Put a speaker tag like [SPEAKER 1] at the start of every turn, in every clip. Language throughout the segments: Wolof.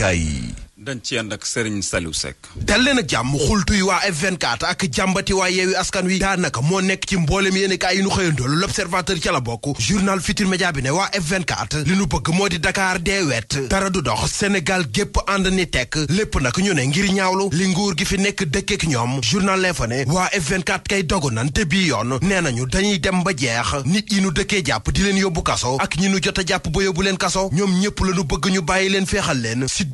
[SPEAKER 1] yéenekaay yi dañ ci ànd ak Serigne Saliou Seck dal leen ak jàmm xultu yi waa f ak jàmbati waa yeewi askan wi daanaka moo nekk ci mbooleem yéen kaay yi nu xëyandool l'observateur ca la bokk journal Futur Média bi ne waa F24 li nu bëgg moo di dakaar dee wet dara du dox Sénégal gépp ànd ni tekk lépp nag ñu ne ngir ñaawlu li nguur gi fi nekk dëkkeek ñoom journal L'Info ne waa F24 kay dogu nan te bii yoon nee nañu dañuy dem ba jeex nit yi nu dëkkee jàpp di leen yóbbu kaso ak ñi nu jot jàpp ba yóbbu leen kaso ñoom ñëpp la bëgg ñu bàyyi leen féexal leen Sud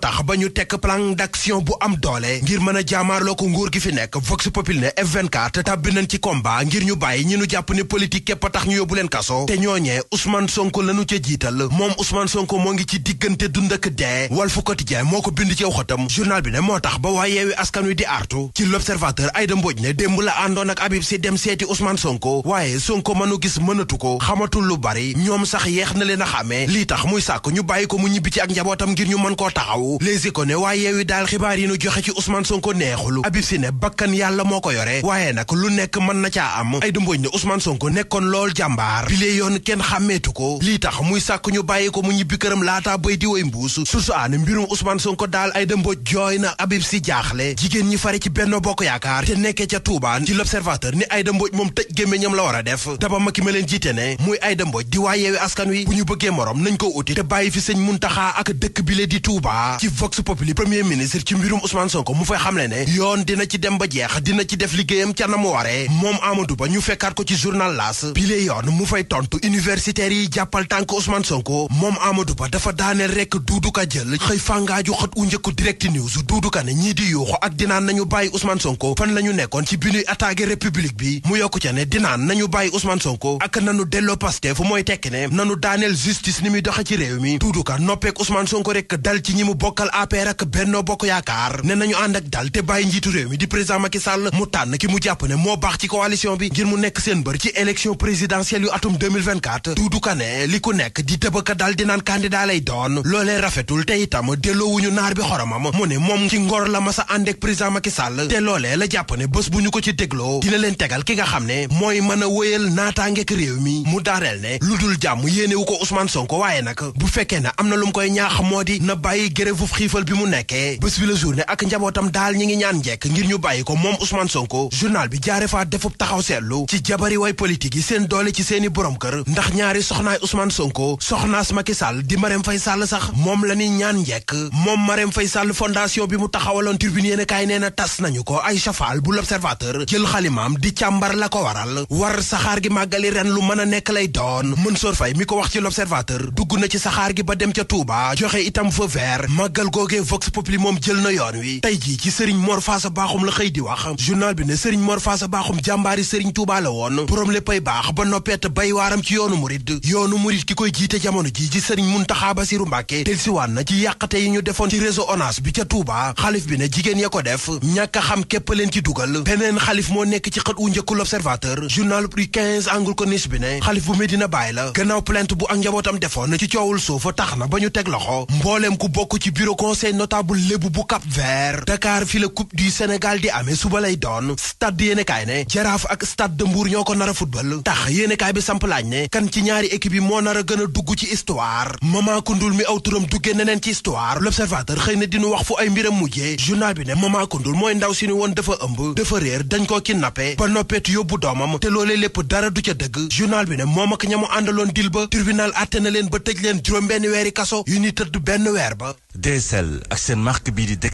[SPEAKER 1] tax ba ñu tekk plan d'action bu am doole ngir mën a jaamaarloo ko nguur gi fi nekk Vox Populi ne F24 tàbbi nañ ci combat ngir ñu bàyyi ñu nu jàpp ne politique képp a tax ñu yóbbu leen kaso te ñooñee Ousmane Sonko lañu ca jiital moom Ousmane sonk moo ngi ci diggante dund ak dee Walf Quotidien moo ko bind ci xëtam journal bi ne moo tax ba waa yeewi askan wi di artu ci l'observateur Aïda Mbodj ne démb la àndoon ak Habib Sy dem seeti Ousmane Sonko waaye Sonko mënu gis mënatu ko xamatul lu bari ñoom sax yeex na leen a xàmmee lii tax muy sàkk ñu bàyyi ko mu ñibbi ci njabootam ngir ñu mën koo taxaw coow Les Échos ne waaye yeewi daal xibaar yi nu joxe ci Ousmane Sonko neexulu Habib Sy ne bakkan yàlla moo ko yore waaye nag lu nekk mën na caa am ay dumbooñ ne Ousmane Sonko nekkoon lool jàmbaar bile yoon kenn xàmmeetu ko lii tax muy sàkk ñu bàyyi ko mu ñibbi këram laata bay di woy mbuus sursu aan mbirum Ousmane Sonko daal ay dëmboj jooy na Habib Sy jaaxle jigéen ñi fare ci benn Bokk Yaakaar te nekkee ca Touba ci L'Observateur ni Aïda Mbodj moom tëj la war a def daba ma ki ma leen jiite ne muy Aïda Mbodj di waa yeewi askan wi bu ñu bëggee morom nañ ko uti te bàyyi fi sëñ Muntaxa ak dëkk bile di Touba ci Vox Populi premier ministre ci mbirum Ousmane Sonko mu fay xamle ne yoon dina ci dem ba jeex dina ci def liggéeyam ca na mu waree moom Amadou Ba ñu fekkaat ko ci journal L'As bi lee yoon mu fay tontu universitaires yi jàppal tànk Ousmane Sonko moom Amadou Ba dafa daaneel rekk Doudou Ka jël xëy fàngaaju xët u njëkku Direct News Doudou Ka ne ñii di yuuxu ak dinaan nañu bàyyi Ousmane Sonko fan la ñu nekkoon ci bi ñuy attaqué république bi mu yokku ca ne dinaan nañu bàyyi Ousmane Sonko ak nanu mooy tekki ne nanu muy doxe ci réew mi Doudou Ka noppeek Ousmane Sonko rek dal bokkal APR ak Benno Bokk Yaakaar ne nañu ànd ak dal te bàyyi njiitu réew mi di président Macky Sall mu tànn ki mu jàpp ne moo baax ci coalition bi ngir mu nekk seen mbër ci élection présidentielle yu atum 2024 Doudou li ku nekk di tëbaka dal di naan candidat lay doon loolee rafetul te itam delloowuñu naar bi xoromam mu ne moom ci ngor la masa ànd ak président Macky Sall te loolee la jàpp ne bés bu ñu ko ci dégloo dina leen tegal ki nga xam a grève xiifal bi mu nekkee bés bi la journée ak njabootam daal ñi ngi ñaan njekk ngir ñu bàyyi ko moom Ousmane Sonko journal bi jaare faa defub taxaw seetlu ci jabari way politique yi seen doole ci seeni borom kër ndax ñaari soxnaay Ousmane Sonko soxnaas Macky Sall di Marème fay Sall sax moom la ñuy ñaan njekk moom Marème fay Sall fondation bi mu taxawaloon tribune yéen kaay nee na tas nañu ko Aïcha Fall bu l'observateur jël xalimaam di càmbar la ko waral war saxaar gi màggali ren lu mën a nekk lay doon Mansour Faye mi ko wax ci l'observateur dugg na ci saxaar gi ba dem ca Touba joxe itam feu vert màggal googee vox populi moom jël na yoon wi tey jii ci sëriñ Mor Faasa Baaxum la xëy di wax journal bi ne sëriñ Mor Baaxum jàmbaari sëriñ Tuubaa la woon borom léppay baax ba noppeet bay waaram ci yoonu murid yoonu murid ki koy jiite jamono ji ci sëriñ Muntaxa Basiru Mbàkke delsiwaan na ci yàqate yi ñu defoon ci réseau ONAS bi ca Tuubaa xalif bi ne jigéen ya ko def ñàkk a xam képp ci dugal beneen xalif moo nekk ci xët wu njëkku l'Observateur ci bureau conseil notable lébu bu Cap Vert Dakar fi la coupe du Sénégal di amee suba lay doon stade yéenekaay ne jaraaf ak stade de Mbour ñoo ko nar a football tax yéenekaay bi samp laaj ne kan ci ñaari équipe yi moo nar a gën a dugg ci histoire Maman Koundoul mi aw turam duggee neneen ci histoire l'observateur xëy na dinu wax fu ay mbiram mujje journal bi ne Maman Koundoul mooy ndaw si ni woon dafa ëmb dafa réer dañ koo kidnappé ba noppeet yóbbu doomam te loole lépp dara du ca dëgg journal bi ne moom ak ñamu àndaloon dil ba tribunal àtte na leen ba tëj leen juróom weeri kaso yu ni tëdd benn weer ba DSL ak seen marque bii di